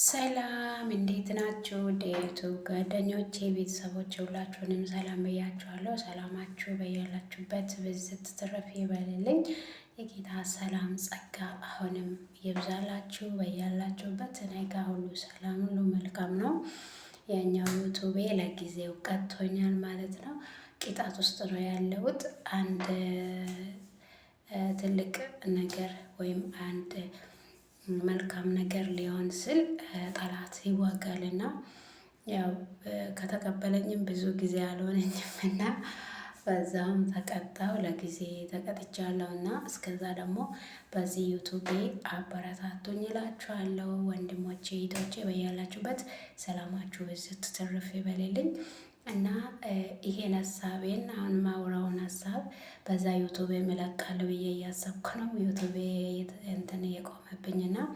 ሰላም እንዴት ናችሁ? ዴቱ ጓደኞቼ ቤተሰቦች ሁላችሁንም ሰላም ብያችኋለሁ። ሰላማችሁ በያላችሁበት ብዝት ትረፍ ይበልልኝ። የጌታ ሰላም ጸጋ አሁንም ይብዛላችሁ በያላችሁበት። ነገ ሁሉ ሰላም፣ ሁሉ መልካም ነው። ያኛው ዩቱቤ ለጊዜው ቀጥቶኛል ማለት ነው። ቂጣት ውስጥ ነው ያለሁት። አንድ ትልቅ ነገር ወይም አንድ መልካም ነገር ሊሆን ስል ጠላት ይዋጋልና ያው ከተቀበለኝም ብዙ ጊዜ አልሆነኝም እና በዛውም ተቀጣው ለጊዜ ተቀጥቻለሁ እና እስከዛ ደግሞ በዚህ ዩቱቤ አበረታቱኝ እላችኋለሁ። ወንድሞቼ እህቶቼ፣ በያላችሁበት ሰላማችሁ ብዝት ትርፍ ይበልልኝ። እና ይሄን ሀሳቤን አሁን ማውራውን ሀሳብ በዛ ዩቱብ የምለቃለሁ ብዬ እያሰብኩ ነው። ዩቱብ እንትን እየቆመብኝ ና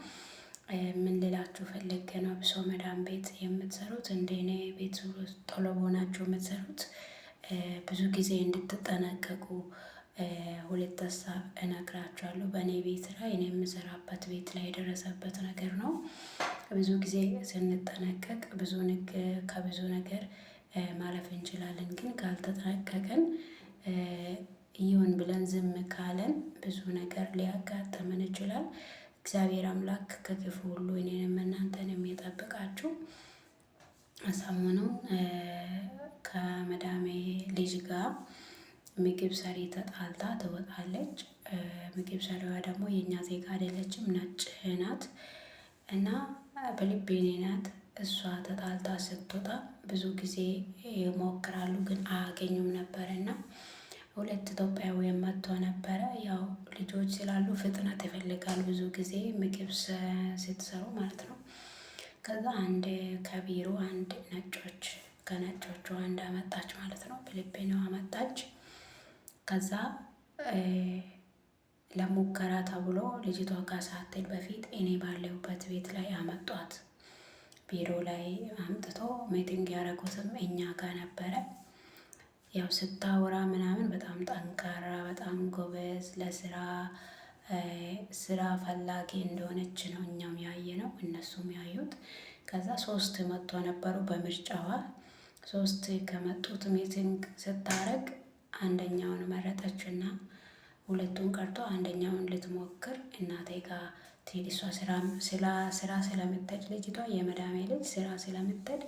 ምን ልላችሁ ፈልጌ ነው፣ ብሶ መዳን ቤት የምትሰሩት እንደ እኔ ቤት ቶሎ በሆናችሁ የምትሰሩት ብዙ ጊዜ እንድትጠነቀቁ ሁለት ሀሳብ እነግራችኋለሁ። በእኔ ቤት ላይ እኔ የምሰራበት ቤት ላይ የደረሰበት ነገር ነው። ብዙ ጊዜ ስንጠነቀቅ ብዙ ንግ ከብዙ ነገር ማለፍ እንችላለን። ግን ካልተጠነቀቅን ይሁን ብለን ዝም ካለን ብዙ ነገር ሊያጋጥመን ይችላል። እግዚአብሔር አምላክ ከክፉ ሁሉ እኔንም እናንተን የሚጠብቃችሁ ሰሞኑን ከመዳሜ ልጅ ጋር ምግብ ሰሪ ተጣልታ ትወጣለች። ምግብ ሰሪዋ ደግሞ የእኛ ዜጋ አይደለችም፣ ነጭ ናት እና በልቤ ናት እሷ ተጣልታ ስትወጣ ብዙ ጊዜ ይሞክራሉ፣ ግን አያገኙም ነበር እና ሁለት ኢትዮጵያዊ መጥቶ ነበረ። ያው ልጆች ስላሉ ፍጥነት ይፈልጋል ብዙ ጊዜ ምግብ ስትሰሩ ማለት ነው። ከዛ አንድ ከቢሮ አንድ ነጮች ከነጮቹ አንድ አመጣች ማለት ነው። ፊሊፒኖ አመጣች። ከዛ ለሙከራ ተብሎ ልጅቷ ጋር ሳትሄድ በፊት እኔ ባለሁበት ቤት ላይ አመጧት። ቢሮ ላይ አምጥቶ ሚቲንግ ያደረጉትም እኛ ጋር ነበረ። ያው ስታወራ ምናምን በጣም ጠንካራ፣ በጣም ጎበዝ፣ ለስራ ስራ ፈላጊ እንደሆነች ነው እኛም ያየ ነው እነሱም ያዩት። ከዛ ሶስት መጥቶ ነበሩ በምርጫዋ ሶስት ከመጡት ሚቲንግ ስታረግ አንደኛውን መረጠችና ሁለቱን ቀርቶ አንደኛውን ልትሞክር እናቴ ጋር እሷ ስራ ስራ ስለምትሄድ ልጅቷ የመዳሜ ልጅ ስራ ስለምትሄድ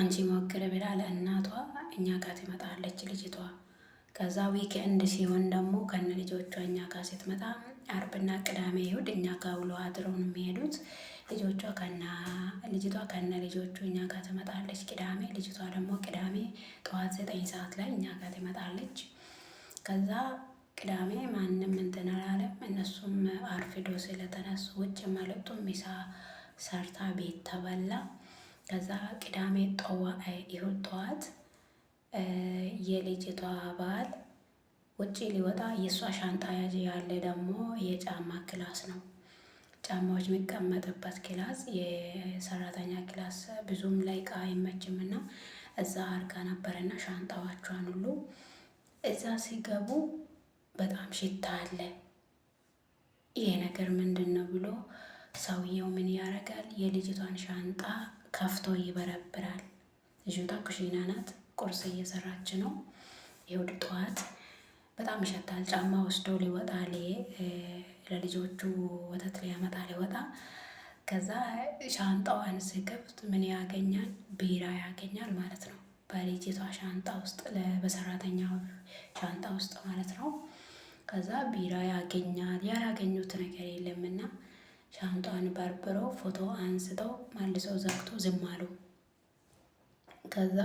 አንቺ ሞክር ብላ ለእናቷ እኛ ጋር ትመጣለች ልጅቷ። ከዛ ዊክኤንድ ሲሆን ደግሞ ከነ ልጆቿ እኛ ጋር ስትመጣ አርብና ቅዳሜ ይሁድ እኛ ጋር ውሎ አድረውን የሚሄዱት። ልጆቿ ከና ልጅቷ ከነ ልጆቹ እኛ ጋር ትመጣለች ቅዳሜ። ልጅቷ ደግሞ ቅዳሜ ጠዋት ዘጠኝ ሰዓት ላይ እኛ ጋር ትመጣለች ከዛ ቅዳሜ ማንም እንትን አላለም። እነሱም አርፍዶ ስለተነሱ ውጭ አልወጡም። ሚሳ ሰርታ ቤት ተበላ። ከዛ ቅዳሜ ጠዋ ይሁን ጠዋት የልጅቷ ባል ውጭ ሊወጣ የእሷ ሻንጣ ያዥ ያለ ደግሞ የጫማ ክላስ ነው ጫማዎች የሚቀመጥበት ክላስ የሰራተኛ ክላስ ብዙም ላይ ቃ አይመችም እና እዛ አርጋ ነበረና ሻንጣዋቿን ሁሉ እዛ ሲገቡ በጣም ሽታ አለ፣ ይሄ ነገር ምንድን ነው ብሎ ሰውየው ምን ያደርጋል? የልጅቷን ሻንጣ ከፍቶ ይበረብራል። ልጅቷ ኩሽና ናት፣ ቁርስ እየሰራች ነው። የውድ ጠዋት በጣም ይሸታል። ጫማ ወስዶ ሊወጣ ለልጆቹ ወተት ሊያመጣ ሊወጣ ከዛ ሻንጣዋን ስገብት ምን ያገኛል? ቢራ ያገኛል ማለት ነው። በልጅቷ ሻንጣ ውስጥ በሰራተኛ ሻንጣ ውስጥ ማለት ነው። ከዛ ቢራ ያገኛል። ያላገኙት ነገር የለምና ሻንጣን በርብረው ፎቶ አንስተው መልሰው ዘግቶ ዝም አሉ። ከዛ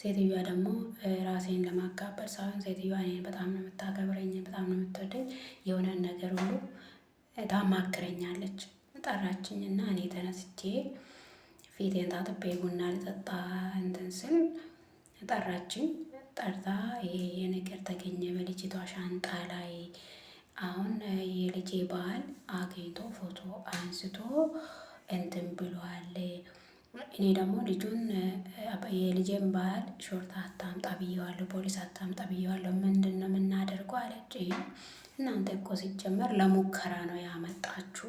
ሴትዮዋ ደግሞ ራሴን ለማጋበል ሳይሆን ሴትዮዋ እኔን በጣም ነው የምታከብረኝ፣ በጣም ነው የምትወደኝ። የሆነን ነገር ሁሉ ታማክረኛለች። ጠራችኝ እና እኔ ተነስቼ ፊቴን ታጥቤ ቡና ልጠጣ እንትን ስል ጠራችኝ። ጠርታ ይሄ ነገር ተገኘ በልጅቷ ሻንጣ ላይ። አሁን የልጄ ባል አግኝቶ ፎቶ አንስቶ እንትን ብሏል። እኔ ደግሞ ልጁን የልጄን ባል ሾርታ አታምጣ ብየዋለሁ፣ ፖሊስ አታምጣ ብየዋለሁ። ምንድን ነው የምናደርገው አለች። እናንተ እኮ ሲጀመር ለሙከራ ነው ያመጣችሁ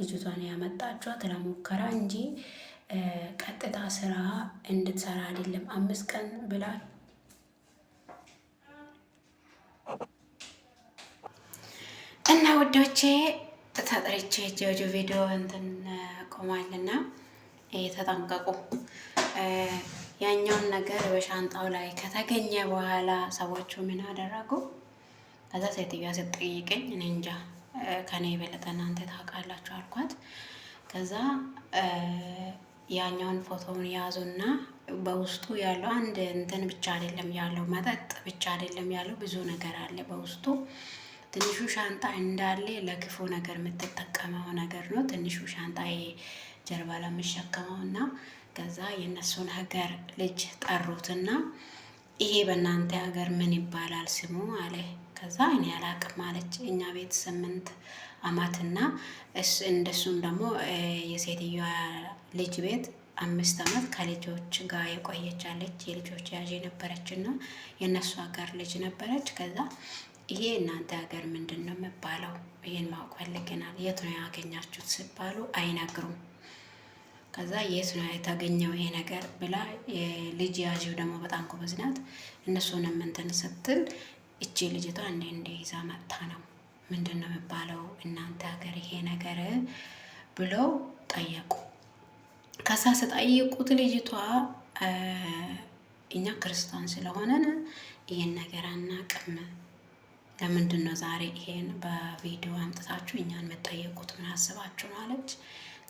ልጅቷን ያመጣችኋት ለሙከራ እንጂ ቀጥታ ስራ እንድትሰራ አይደለም። አምስት ቀን ብላ እና ውዶቼ ተጠርቼ ጆጆ ቪዲዮ እንትን ቆማልና ተጠንቀቁ። ያኛውን ነገር በሻንጣው ላይ ከተገኘ በኋላ ሰዎቹ ምን አደረጉ? ከዛ ሴትዮዋ ስትጠይቀኝ እኔ እንጃ ከኔ የበለጠ እናንተ ታውቃላችሁ አልኳት። ከዛ ያኛውን ፎቶውን ያዙና በውስጡ ያለው አንድ እንትን ብቻ አይደለም ያለው መጠጥ ብቻ አይደለም ያለው ብዙ ነገር አለ በውስጡ። ትንሹ ሻንጣ እንዳለ ለክፉ ነገር የምትጠቀመው ነገር ነው። ትንሹ ሻንጣ ጀርባ ለምሸከመው እና ከዛ የእነሱን ሀገር ልጅ ጠሩትና ይሄ በእናንተ ሀገር ምን ይባላል ስሙ አለ። ከዛ እኔ አላቅም ማለች። እኛ ቤት ስምንት አማትና እንደሱም ደግሞ የሴትዮዋ ልጅ ቤት አምስት አመት ከልጆች ጋር የቆየቻለች የልጆች ያዥ ነበረች እና የእነሱ ሀገር ልጅ ነበረች። ከዛ ይሄ እናንተ ሀገር ምንድን ነው የሚባለው? ይህን ማወቅ ፈልገናል። የት ነው ያገኛችሁት ሲባሉ አይነግሩም። ከዛ የት ነው የተገኘው ይሄ ነገር ብላ ልጅ ያዥው ደግሞ በጣም ጎበዝ ናት። እነሱንም እንትን ስትል እቺ ልጅቷ እንደ እንደ ይዛ መጥታ ነው ምንድን ነው የሚባለው እናንተ ሀገር ይሄ ነገር ብለው ጠየቁ። ከዛ ስጠይቁት ልጅቷ እኛ ክርስቲያን ስለሆነን ይህን ነገር አናቅም፣ ለምንድን ነው ዛሬ ይሄን በቪዲዮ አምጥታችሁ እኛን መጠየቁት ምን አስባችሁ ነው አለች።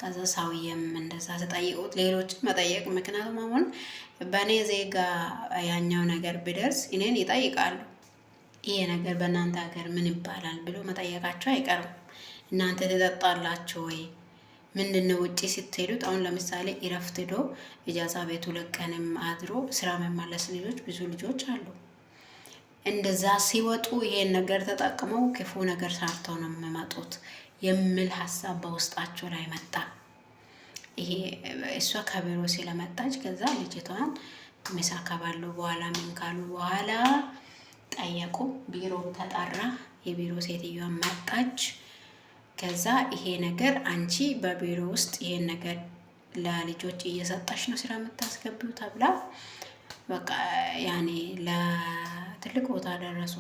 ከዛ ሰውዬም እንደዛ ስጠይቁት ሌሎች መጠየቅ ምክንያቱም አሁን በእኔ ዜጋ ያኛው ነገር ቢደርስ እኔን ይጠይቃሉ ይሄ ነገር በእናንተ ሀገር ምን ይባላል ብሎ መጠየቃቸው አይቀርም። እናንተ ትጠጣላችሁ ወይ ምንድነው ውጭ ስትሄዱት? አሁን ለምሳሌ እረፍት ሄዶ እጃዛ ቤቱ ለቀንም አድሮ ስራ መመለስ ልጆች ብዙ ልጆች አሉ። እንደዛ ሲወጡ ይሄን ነገር ተጠቅመው ክፉ ነገር ሰርተው ነው የሚመጡት የሚል ሀሳብ በውስጣቸው ላይ መጣ። ይሄ እሷ ከቢሮ ስለመጣች ከዛ ልጅቷን ምሳ ከባሉ በኋላ ምን ካሉ በኋላ ጠየቁ። ቢሮ ተጠራ። የቢሮ ሴትዮዋ መጣች። ከዛ ይሄ ነገር አንቺ በቢሮ ውስጥ ይሄን ነገር ለልጆች እየሰጣች ነው ስራ የምታስገቢው ተብላ በቃ ያኔ ለትልቅ ቦታ ደረሱ።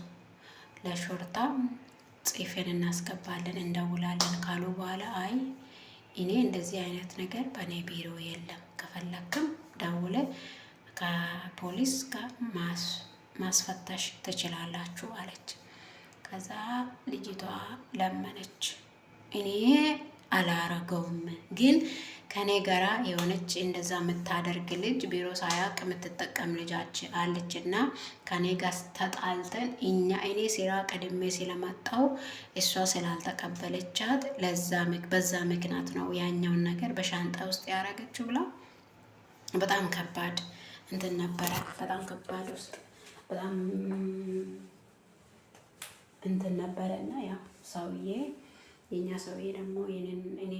ለሾርታ ጽፌን እናስገባለን እንደውላለን ካሉ በኋላ አይ እኔ እንደዚህ አይነት ነገር በእኔ ቢሮ የለም፣ ከፈለክም ደውለ ከፖሊስ ጋር ማስ ማስፈተሽ ትችላላችሁ አለች። ከዛ ልጅቷ ለመነች። እኔ አላረገውም ግን ከኔ ጋራ የሆነች እንደዛ የምታደርግ ልጅ ቢሮ ሳያቅ የምትጠቀም ልጃች አለች እና ከኔ ጋር ተጣልተን እኛ እኔ ስራ ቀድሜ ስለመጣው እሷ ስላልተቀበለቻት ለዛ በዛ ምክንያት ነው ያኛውን ነገር በሻንጣ ውስጥ ያደረገችው ብላ በጣም ከባድ እንትን ነበረ። በጣም ከባድ ውስጥ በጣም እንትን ነበረ እና ያው ሰውዬ የእኛ ሰውዬ ደግሞ እኔ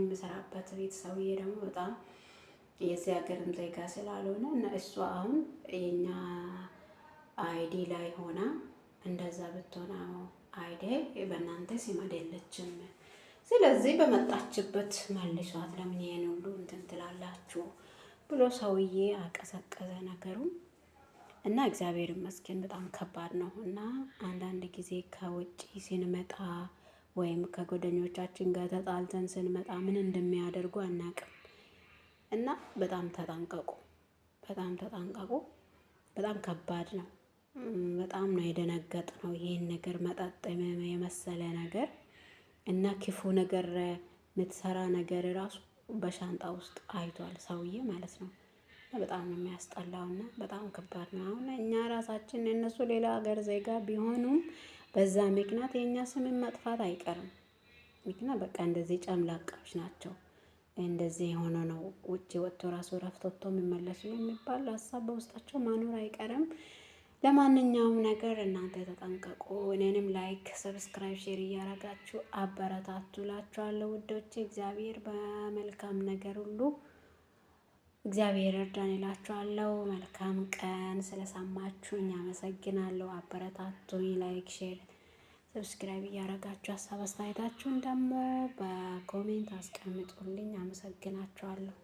የምሰራበት ቤት ሰውዬ ደግሞ በጣም የዚህ ሀገርም ዜጋ ስላልሆነ እና እሱ አሁን የኛ አይዲ ላይ ሆና እንደዛ ብትሆነ አይዲ በእናንተ ስም አይደለችም። ስለዚህ በመጣችበት መልሷት፣ ለምን ይሄን ሁሉ እንትን ትላላችሁ ብሎ ሰውዬ አቀሰቀዘ ነገሩ። እና እግዚአብሔር ይመስገን በጣም ከባድ ነው እና አንዳንድ ጊዜ ከውጭ ስንመጣ ወይም ከጎደኞቻችን ጋር ተጣልተን ስንመጣ ምን እንደሚያደርጉ አናቅም እና በጣም ተጠንቀቁ፣ በጣም ተጠንቀቁ። በጣም ከባድ ነው። በጣም ነው የደነገጥ ነው ይህን ነገር መጠጥ የመሰለ ነገር እና ክፉ ነገር የምትሰራ ነገር ራሱ በሻንጣ ውስጥ አይቷል ሰውዬ ማለት ነው። በጣም ነው የሚያስጠላውና በጣም ከባድ ነው። አሁን እኛ ራሳችን እነሱ ሌላ ሀገር ዜጋ ቢሆኑም በዛ ምክንያት የእኛ ስምን መጥፋት አይቀርም። ምክንያት በቃ እንደዚህ ጨምላቃዎች ናቸው። እንደዚህ የሆነ ነው ውጭ ወጥቶ ራሱ ረፍት ወጥቶ የሚመለሱ የሚባል ሀሳብ በውስጣቸው ማኖር አይቀርም። ለማንኛውም ነገር እናንተ ተጠንቀቁ። እኔንም ላይክ፣ ሰብስክራይብ፣ ሼር እያረጋችሁ አበረታቱ ላችኋለሁ ውዶች። እግዚአብሔር በመልካም ነገር ሁሉ እግዚአብሔር እርዳን ይላችኋለሁ። መልካም ቀን። ስለሰማችሁኝ አመሰግናለሁ። አበረታቱኝ። ላይክ፣ ሼር፣ ሰብስክራይብ እያደረጋችሁ ሀሳብ አስተያየታችሁን ደግሞ በኮሜንት አስቀምጡልኝ። አመሰግናችኋለሁ።